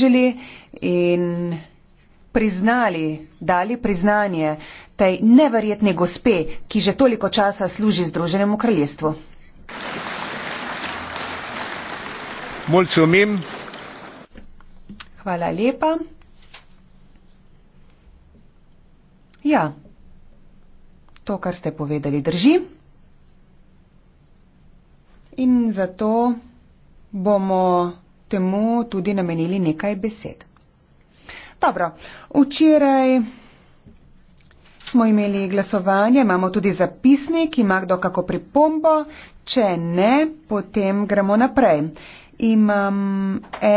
približali in priznali, dali priznanje tej neverjetni gospe, ki že toliko časa služi Združenemu kraljestvu. Mulcumim. Hvala lepa. Ja, to, kar ste povedali, drži. In zato bomo temu tudi namenili nekaj besed. Dobro, včeraj smo imeli glasovanje, imamo tudi zapisnik, ima kdo kako pripombo, če ne, potem gremo naprej. Imam e